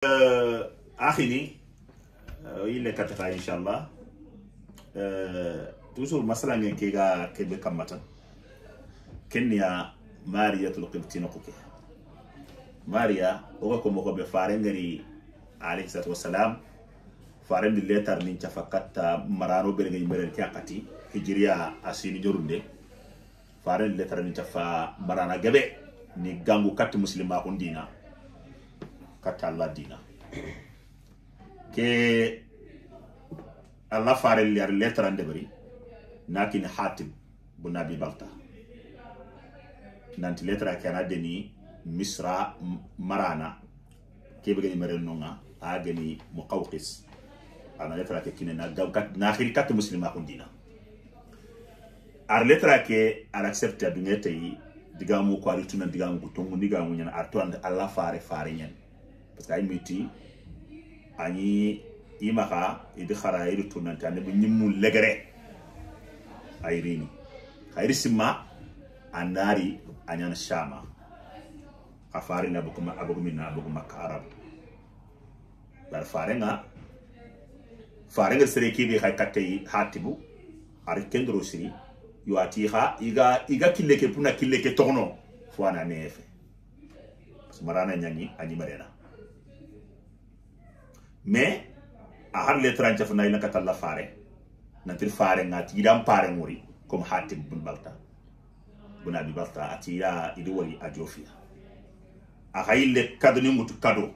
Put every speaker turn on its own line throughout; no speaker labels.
Uh, ee, akhini uh, ee, ile katika inshallah ee, uh, toujours masala nge ke ga kebe kamata kenya maria tulqibtina kuke maria oga ko mo be fare ngari alayhi salatu wassalam fare di letter nin chafakatta marano be ngi mere kyakati hijriya asini jorunde fare di letter nin chafa marana gabe ni gangu kat muslima ko dina Kata Allah dina ke fare liar letra lettera bari nakin hatim bu nabi balta nanti ke kena deni misra marana bege ni mere nonga a gani muqawqis ana letra ke kine na gaw kat na khir kat muslima kun dina ar letra ke ar accepte dunete digamu ko ari tunan digamu ko tongu digamu nyana ar to Allah fare fare nyana parce que miti ani imaha idi khara idi tunanta ne bu nyimu legere ayrini khayri simma andari anyana shama afari na na bar farenga farenga bi hatibu ar kendro siri iga iga kileke puna kileke tono nefe marana anyi marena me a har letra jafa na ina katalla fare na tir fare ngati idan pare nguri kom hatim bun balta bun abi balta atira idi wari ajofia a hayille kado ni ngutu kado euh,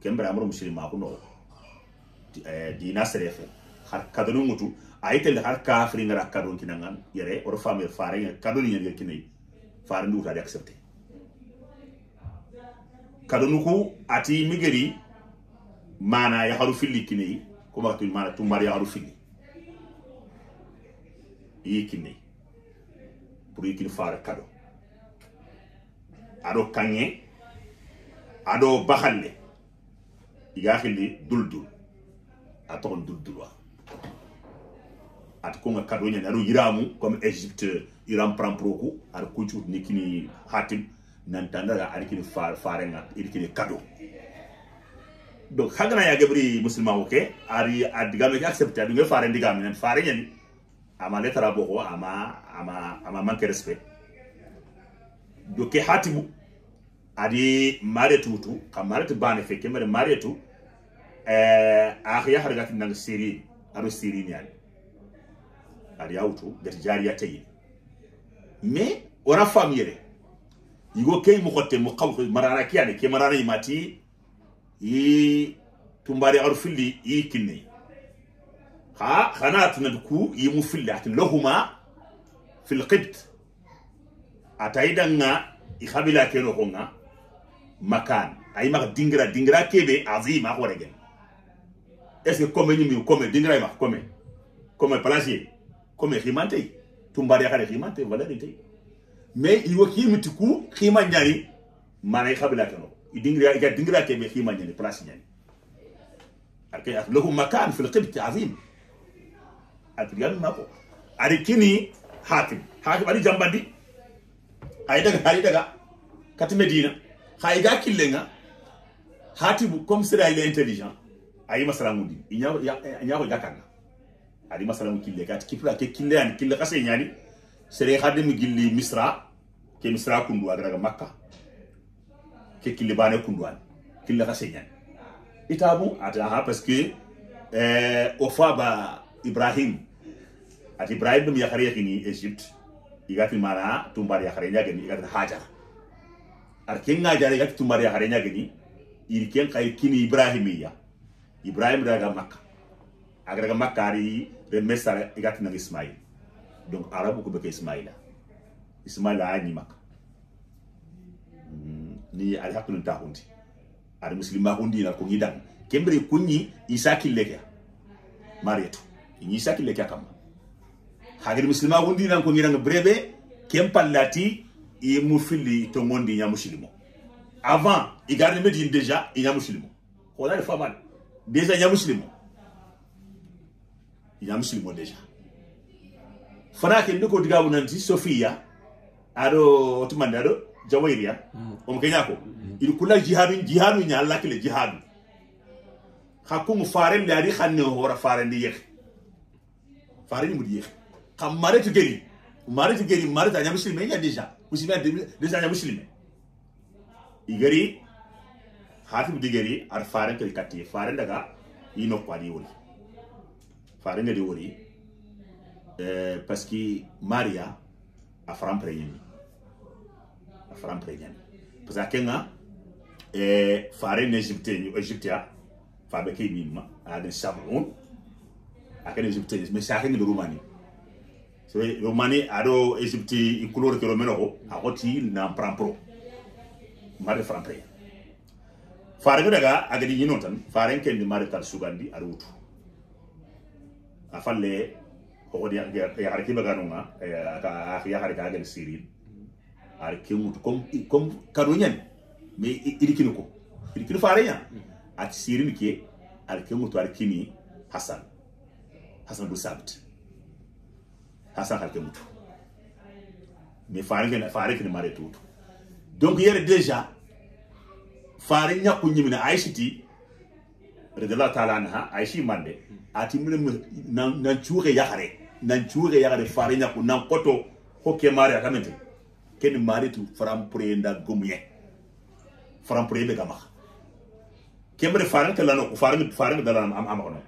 kembra amro muslima ko no dina serefe har kado ni ngutu ayitelle har kafri ngara kado kinangan yere or famir fare ngar kado ni ngar kinai fare ndu ta accepter kado nuku ati migeri mana yaharu filli kineyi tu mana tummar haru ya fili iyi kini pour kini fara kado ado kanŋe ado bahalle iga dul dul a dul duldulwa at konga kado ñani iramu yiramu comme égypte iran pranproku aɗa kuncugutini kini hatim nantandara ar kini ngat iri kini kado donc hagana ya gebri muslima oke ari adigame ke accepte adunge fare ndigame nen fare nyani ama letara boko ama ama ama manque respect do ke hatibu adi mare tutu kamare tu bane fe kemere mare tu eh akhiya harga tin nang siri aro siri nyani ari autu gati jariya tayi me ora famiyere yigo kay mu xotte mu xaw marana kiyane ke marana imati i tumbari ar filli i kinni ha khanat nadku i mu filli at lohuma fil qibt ataidanga i khabila keno khonga makan Aima dingra dingra kebe azima khoregen est ce que comme ni mi comme dingra ma comme comme placier comme rimante tumbari khare rimante valerité mais i wakimtiku khima nyari mara i khabila keno dingira ya dingira ke me hima nyani place nyani akay af lahu makan fil qibt azim adrian mako ari kini hakim hakim ari jambandi ay daga ari daga kat medina hay ga killenga hatibu comme c'est il intelligent ayi masalamu di inya ya, inya ko jakanga ari masalamu kille kat kipla ke kille an kille kase nyani sere hadim gilli misra ke misra kundu agraga makkah ke kili kunduan kila ka senyan itabu ataha parce que eh, ofa ba ibrahim at ibrahim dum yakare yakini egypt igati mara tumbar yakare nyageni igati hajar ar kenga jare igati tumbar yakare nyageni ken kai kini ibrahimiya ibrahim daga iya. makka agraga makkari remesara igati nang ismail donc arabu ko be ismaila ismaila ani makka ni al hakkunun ta hundi ar muslima hundi na ko gidan kembre kunni isa killeke marietu ni isa killeke kam hagir muslima hundi na ko brebe kem e mu to ngondi nya muslimo avant i garde medine déjà i nya muslimo ko la fa mal déjà nya muslimo i muslimo déjà fana ke ndiko digawu nanti sofia ado otumande jawairia mm. omkeñako mm. il kula jihadu jihadu ña lakile jihadu xa kungu farendi adi xa ne hora farendi yexe farendi mudi yexe xa mare geni maretu geni maretu a ña musilme ña déjà musilme déjà ña musilme igeri hatibu digeri ar faren kel katti faren daga ino kwadi woni faren ngadi woni eh parce que maria a fram prenyemi afara mpreñani parce que kenga e fare ne egypte egyptia fa be ke mimma aden sabun akene egypte mais sa akene rumani so rumani ado egypte i couleur ke romeno ko akoti na prampro mare fara mpreñani fare daga agadi yino tan fare kendi mare tar sugandi arutu afalle ko ya ya harkiba ganunga ya ya harkiba gel sirin ar ke ŋutu ñani mais iɗi kini ko iɗi kini faare ati sirini ke ar ke ŋutu kini hasan hasan bu sabt hasan mare tutu donc yere déjà faare ñakku ñimina aishiti radiallahu taala anha aishi mande ati nan nan nan koto hokke mare ken maritu faramprenda gumye faramprenda gama kembre faran kala no faran faran dala am am kono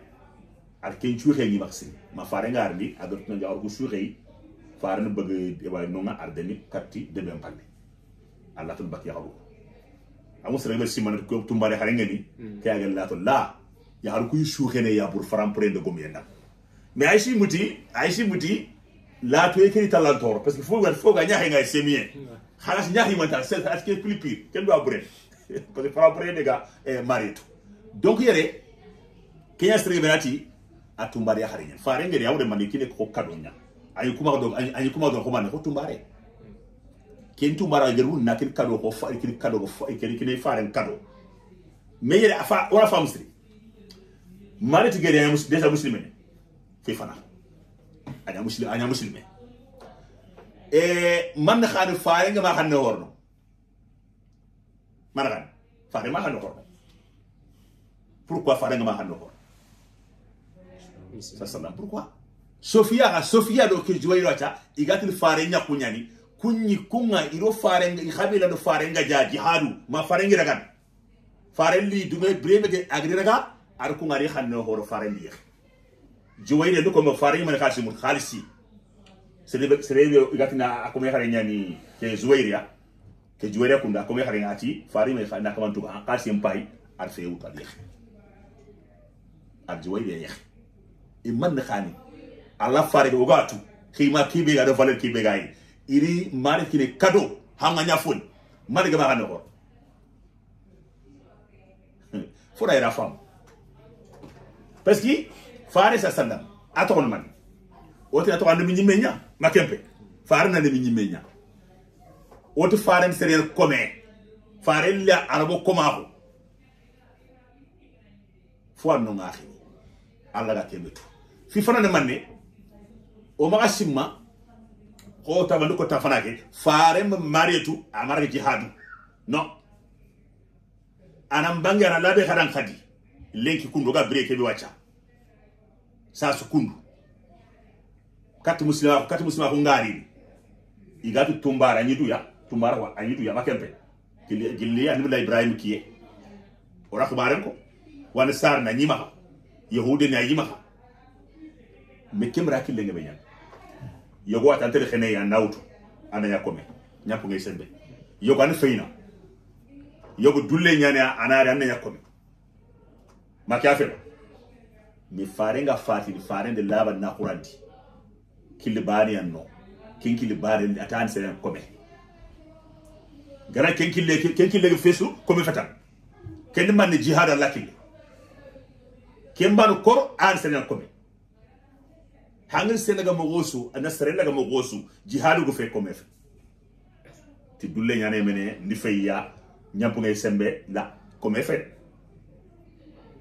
ar ken chuxe ni maxi ma faran ngar ni adot na jawr ko chuxe faran beug e way no nga ardeni katti de ben palle allah tul bak yaru amu sere be siman ko tumbare xare ngeni ke agal la to la ya har ku chuxe ne ya pour faramprenda gumye na mais aishi muti aishi muti la tu es qui l'entour parce qu'il faut qu'il faut gagner un gars c'est mieux khalas nyahi mental c'est ce qui est plus pire quel doit brûler parce que par brûler les gars eh marito donc yere kenya strebenati atumbari ya harinyen fare ngere yawo de manier qui manikine ko kadonya ayi kuma do ayi kuma do ko man ko tumbare ken tumbara geru na kin kado ko fa kin kado ko fa kin kin fare kado me yere afa ora famsri marito gere ya mus deja muslimene kifana aña muslim, aña muslim e man na xani faare nga ma xanne worno man xani faare ma xanne worno pourquoi faare nga ma xanne worno sa salam pourquoi sofia ga sofia do ke joyi rata igatil faare ku nyani ku nga iro faare nga do faare nga jaji jihadu ma faare nga ragan faare li dume breme de agri raga ar kunga ri horo faare li jowaire ndo komo fari man khasi mut khalisi sere sere gatina akome khare nyani ke jowaire ya ke jowaire kunda akome khare ngati fari man khana kaman tu khasi mpai ar feu tali ar jowaire ya imman khani ala fari ko gatu khima kibe ga do valer kibe ga iri mari ne kado hanga nyafun mari ga ba ko fura ira fam parce que faare sa sandam a togon man wote a togan nemi ñimme ña ma kempe faare na nemi ñimme ña wote faren serel kome faare la arabo komaaxu fo an nonga xini alla ga kembe tu fi fana ne man ne o maxa simma xo tabandi ko fana ke faare marietu a marake jihadu non anan bange ana labe xadan xadi lenki kundoga breke be wacca sasukundu kati musila kati musima ko ngari igatu tumbara nyidu ya tumbara wa anyidu ya makempe gilli ya nabi ibrahim kiye ora khabaran ko wan sar na nyima yahudi na yima me kemra kille ngebe nyan yogo atante khene ya nauto ana yakome nyapo ngai sembe yogo an feina yogo dulle nyane ana ana yakome makafe ni farenga fati ni farende laba na kuranti kilibani anno kin kilibani atan sen kome gara ken kille ken kille fesu kome fatan ken man ni jihad la kille ken ban kor an sen kome hangin sen ga mogosu anasren ga mogosu jihad go fe kome ti dulle nyane mene ni feya nyampu ngay sembe la kome fe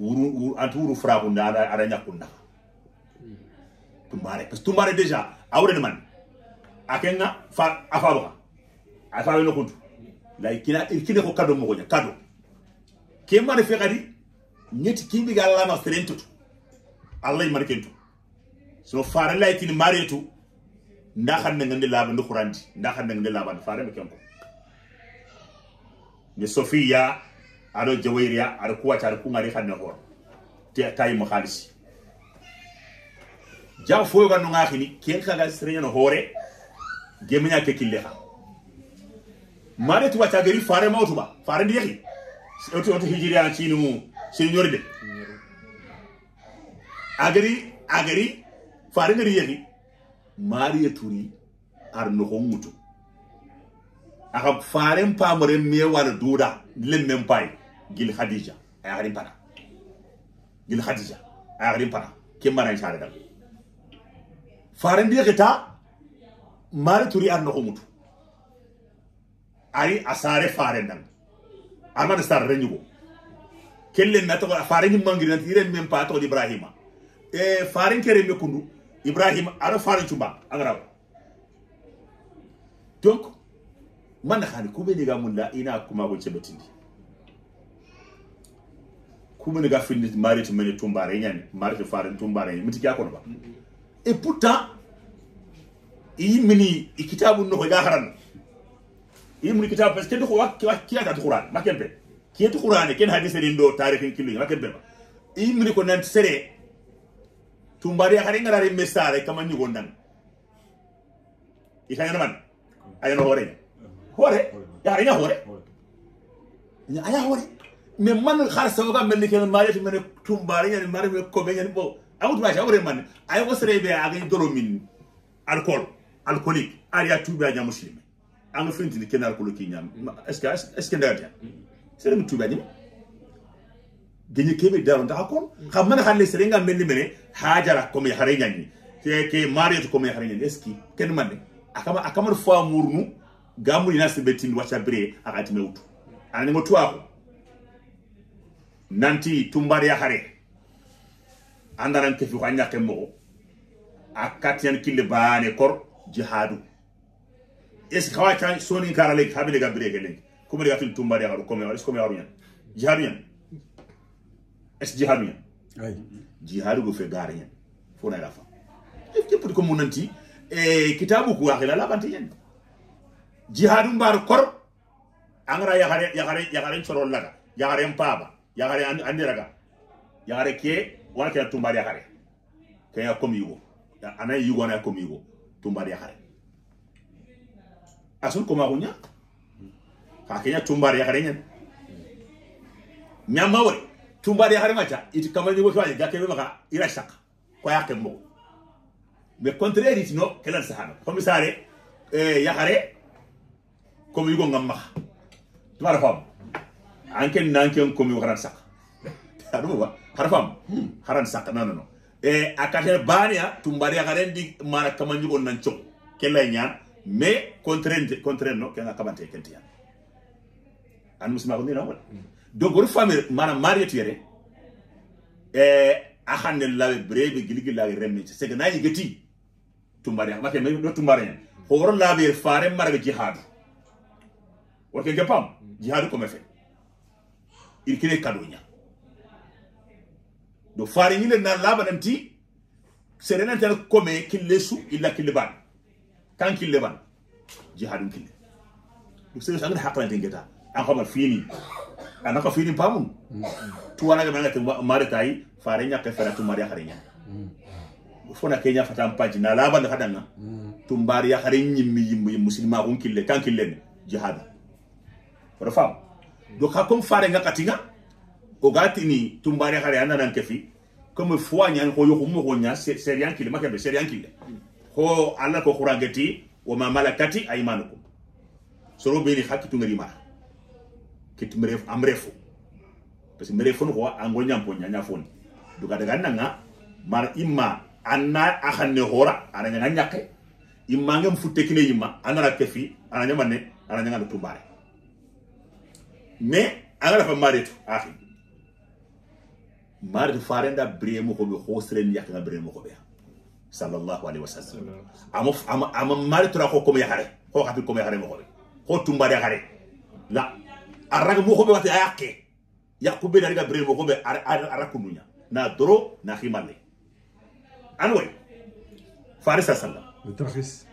wuru anti wuru frabunda ada ada nyakunda tumbare parce tumbare déjà awre man akenga fa afaba afa no kuntu la ikina ikine ko kado mogonya kado ke mane fe gadi nyeti kimbi galla ma serento allah yi markento so fare lay ikini maretu nda xamne ngandi laba ndu qur'anti nda xamne ngandi laba fare me kenko ni sofia ado jawairia ada kuwaca ada kungari xanne xoor te tayimo xaalis jaw foyoga nonga xini ken xaga sereñano hoore gemeña ke kille xa made tuba cageri fare ma fare ndi oto oto hijiriya cinu de agari agari fare ngari yaxi mariye turi ar noxo ŋutu axa faren pamore me wala duda lemmen payi gil khadija ay agrim pana gil khadija ay agrim pana kim maran share dal faran dia kita mari turi ar no umutu ari asare faran dan arman star renyu kelle na to faran mangri na tire mem pa to ibrahima e faran kere me kundu ibrahima ara faran chumba agrawa donc man khani kubeni ga mulla ina kuma go cebetindi kumene fini mari timene tumbare nyani mari tifare tumbare nyani mitiki yako ba e pourtant iyi mini ikitabu no ga haran iyi mini kitabu parce que kwa wa ki wa ki ga kia tu ki to qur'an ken hadise din do tarihin kilu makembe ba iyi mini ko nan sere tumbare haran ngara re mesare kama ni gondan ikanya man ayano hore hore ya ina hore aya hore ne man har sawoga men ken mariyati men tumbari yani mari men ko be yani bo awut ba jawre man ay ko sere be agi doro min alcool alcoolique ari tuba aja muslim am fenti ni ken alcool ki nyam est ce est ce ndar ndaga sere mu tuba ni genye kebe daro nda ko xam mm. man xal sere nga men men hajara ko mi hare nyani ke ke mariyati ko mi hare nyani est ce ken man akama akama fo amour nu gamu ina sibetin wacha bre akati meutu anengo tuako nanti tumbari ya hare andaran kefi ko nyake mo akatian kille baane kor jihadu es ce tan soni can sonin kara legi xa ɓelega bireke legi comme lega tun tumbar yaxaru comme est ce comme jihadu ñan es jihadu jihadu ay jihadu go fe gar ñan fo na rafa nayla fa ko mo nanti e kitabu ku la labante ñan jihadu mbar kor angara ya hare chorol la ya hare mpaba yagare ande yagare ke wana kena tumbari yagare ke ya komi yugo ana yugo ana komi yugo tumbari yagare asul koma kunya ka kenya tumbari yagare nyen nyama wore tumbari yagare macha iti kamari yugo kwa ga kebe maka ira shaka kwa yake mo me contraire itino kelan sahano komisare eh yagare komi yugo ngamma tumara famu anken nanken komi haran sak aɗum wa hara fam hmm, haran sak nanono e a katen baneya tumbariya garen di mara kamanjugon nan co kella ñan mais contrainte contrainte no kenga kabante kentiyan an musima ko ndina wala donc wor famille mana mariatu yere e a lawe brebe giligi lawe remni c'est que nayi geti tumbariya make mais do tumbariya horo lawe fare maraga jihadu ke gepam jihadu ko me fe irkine kadonya do fari ñile na labananti serenantana kome kille su illa kille ban kan kille ban jihadum kille do sere sangar haqlante ngeta an xamal fini anaka fini pamun tuwanaga menga mare tayi fare ñakke fera tu mari xare ña fona kenya fata paji na labanda kadanga tumbari ya xare ñimmi yimmi kun kille kan kille jihad wala fam do ka kom fare nga katinga o gatini tumbare kare ana nan kefi comme fois nyan ko yoko mo nya serian kile makabe serian kile ho Allah ko khurageti wa ma malakati aymanukum soro bini haki hakitu mara kitu kit amrefu parce mrefu ko ango nyam po nya fon do ga daga mar imma anna ahanne hora ananya nyake imma ngam futte kine imma anara kefi ananya manne ananya ngam tumbare mais anga gara fa mare to akhi mare to farenda bre mo ko be khosre ni yakna bre mo ko be sallallahu alaihi wasallam amo amo mare to ko ko me yakare ko ka ko me yakare mo ko be ko tumba de yakare la araga mo ko be wati ayake yakube dariga bre mo ko be arakununya na doro na khimale anway faris sallam faris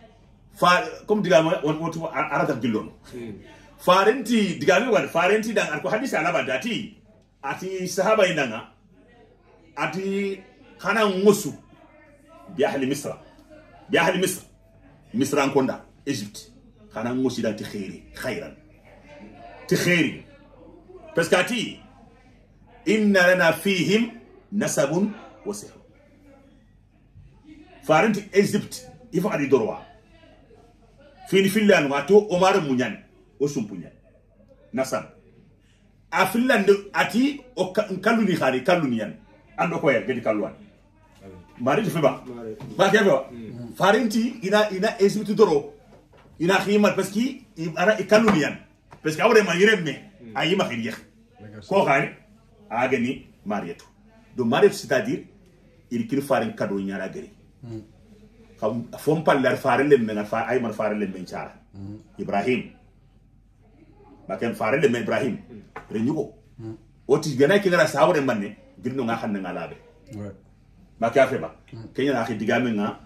fa comme diga on on arata gilono hmm farenti digalu wan farenti dan alko hadisi alaba dati ati sahaba inanga ati kana ngosu bi ahli misra bi ahli misra misra nkonda egypte kana ngosi dan ti khairi khairan ti khairi parce ati inna lana fihim nasabun wa sihr farenti egypte ifadi dorwa fini fillan wato omar munyani o sumpunya nasan a ati o kalluni kaluni yan ando yer ya, gedi kaluan mari to feba ma kebewa hmm. farinti ina ina esmitu doro ina khimat parce ara kaluni yan parce awre ma yirem me ayi ma xin yex ko xaari a marietu do marietu c'est à dire il kin farin kado ñara geri hmm. fom lar faare fa ay man faare lemmen caara hmm. ibrahim maken farele men ibrahim re nyugo oti gana ki gara sawre manne girno nga xanne nga labe maka fe ba kenya na digame nga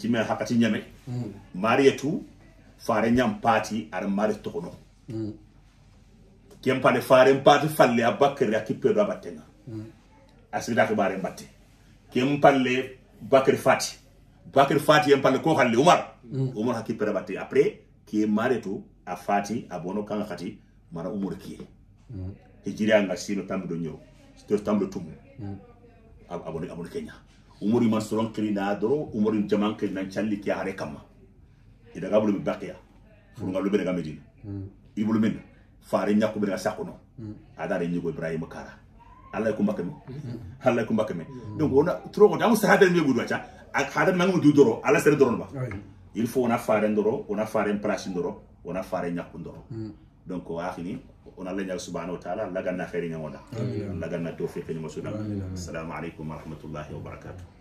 ci eh, me hakati nyame hmm. marietu fare nyam pati ar mari tokono hmm. kem pale fare pati falle abakri akipe do abatenga hmm. asida ke bare batte kem pale bakri fati bakri fati yem pale ko halle umar umar hakipe do batte après qui est marietu afati fati a bono kan khati mara umur kiye mm. hijira nga sino tambi do sito tambi tumu mm. abono abono kenya umur man soron kiri na doro umur jaman kiri nan challi kiya hare kama ida gabulu be baqiya furu ngalu ga medina mm. ibulu men faare nyako be ga sakono mm. adare nyigo ibrahim kara allah ko mbakami mm. allah ko mbakami mm. donc ona trop ko damu sahabe me gudu acha ak hadar nangum du doro ala sere doro ba il faut ona faare doro ona faare place doro wona fare ñakkundoro donc axini on alla ñaga subhanahu wa taala laganna xeeri ñagoda laganna tawfiqe ñuma sudan assalamu aleykum wa rahmatullahi wa barakatuh